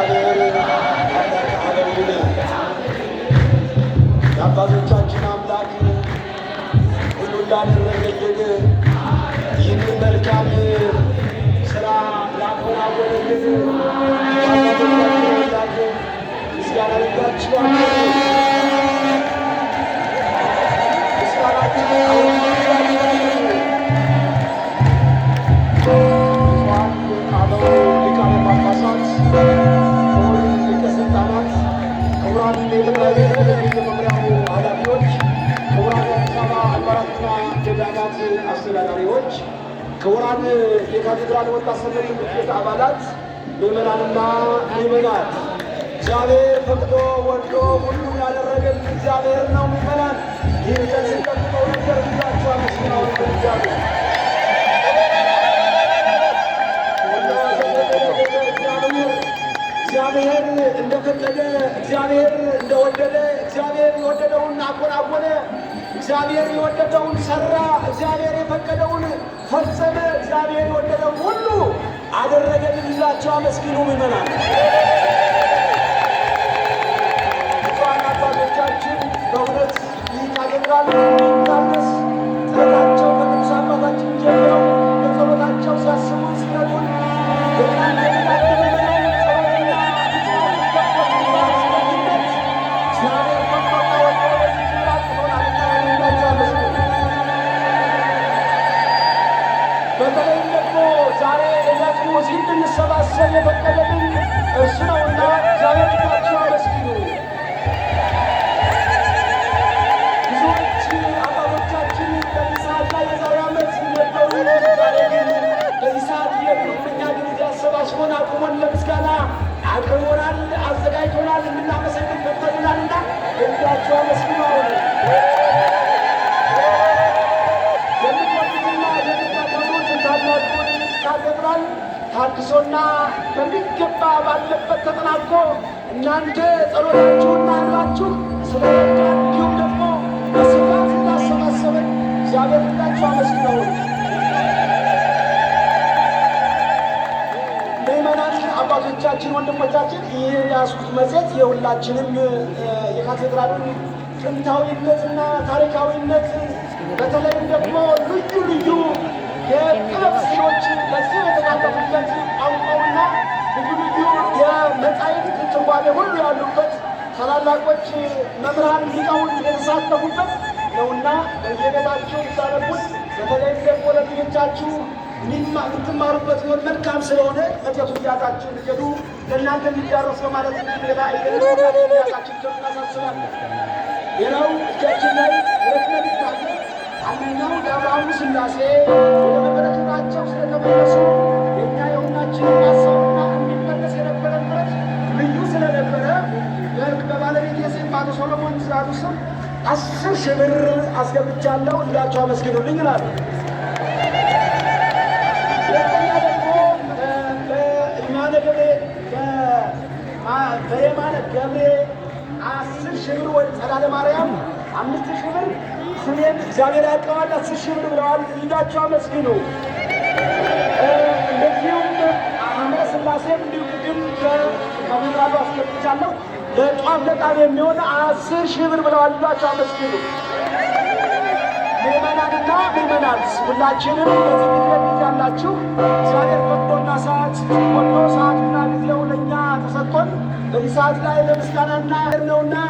እግዚአብሔር አለሚነ የአባቶቻችን አምላክ ሁሉ ላደረገልን ይህንን መልካም ስራ ላከናወነልን አስተዳዳሪዎች፣ ክቡራን የካቴድራል ወጣት ሰንበሌ ምክር ቤት አባላት፣ ምዕመናንና ምዕመናት እግዚአብሔር ፈቅዶ ወዶ ሁሉ ያደረገን እግዚአብሔር ነው። ምዕመናን ይህ ከዚህ ጠብቀው ነበር አመስግናውን እግዚአብሔር እግዚአብሔር እንደፈቀደ እግዚአብሔር እንደወደደ እግዚአብሔር የወደደውን አጎናጎነ። እግዚአብሔር የወደደውን ሰራ፣ እግዚአብሔር የፈቀደውን ፈጸመ፣ እግዚአብሔር የወደደውን ሁሉ አደረገ ብላችሁ አመስግኑ ምመናል የፈቀደልን እሱ ነውና እግዚአብሔር ጌታችን አመስግኑ። ብዙዎች አባቶቻችን በዚህ ሰዓት ላይ የዛሬ ዓመት ነበሩ። ዛሬ ግን በዚህ ሰዓት የሉም። እኛ ግን እዚህ አሰባስቦን አቁሞን ለምስጋና አቅርቦናል፣ አዘጋጅቶናል፣ የምናመሰግን ፈቅዶልናልና እንዲያቸው አመስግኑ አሁን ታድሶና በሚገባ ባለበት ተጠናቆ እናንተ ጸሎታችሁና ያላችሁ ስለ እንዲሁም ደግሞ በስፋት እንዳሰባሰበን እግዚአብሔር ሁላችሁ አመስግነው። ምእመናን፣ አባቶቻችን፣ ወንድሞቻችን ይህ ያስኩት መጽሔት የሁላችንም የካቴድራሉን ጥንታዊነትና ታሪካዊነት በተለይም ደግሞ ልዩ ልዩ የጥበብ ስራዎች ለዚህ ያለፉበት ቋንቋውና ልዩ ልዩ የመጻሕፍት ትርጓሜ ሁሉ ያሉበት ታላላቆች መምህራን ሊቃውንት የተሳተፉበት ነውና በየቤታችሁ ብታነቡት በተለይም ደግሞ ለልጆቻችሁ የምትማሩበት ሆን መልካም ስለሆነ መጤቱ ያታችሁ ልጀዱ ለእናንተ የሚዳረስ በማለት ሌላ አይገለታችሁ ሌላው እጃችን ላይ ሁለት መልእክት አንደኛው ለአብርሃሙ ሥላሴ ሶሎሞን ትእዛዙ ስም አስር ሺህ ብር አስገብቻለሁ እንዳቸው አመስግኑልኝ ይላሉ። ሁለተኛ ደግሞ በየማነ ገብሬ በየማነ ገብሬ አስር ሺህ ብር ወደ ጸዳለ ማርያም አምስት ሺህ ብር ስሜን እግዚአብሔር ያቀዋል አስር ሺህ ብር ብለዋል እንዳቸው አመስግኑ። እንደዚሁም አምረ ስላሴም እንዲሁ ግን ከምራሉ አስገብቻለሁ ለጧፍ ለቃም የሚሆን አስር ሺህ ብር ብለው አሏቸው። አመስግኑ ምዕመናንና ምዕመናት ሁላችንም በዚህ ጊዜ ያላችሁ እግዚአብሔር ፈቅዶና ሰዓት ወዶ ሰዓትና ጊዜው ለእኛ ተሰጥቶን በዚህ ሰዓት ላይ ለምስጋናና ነውና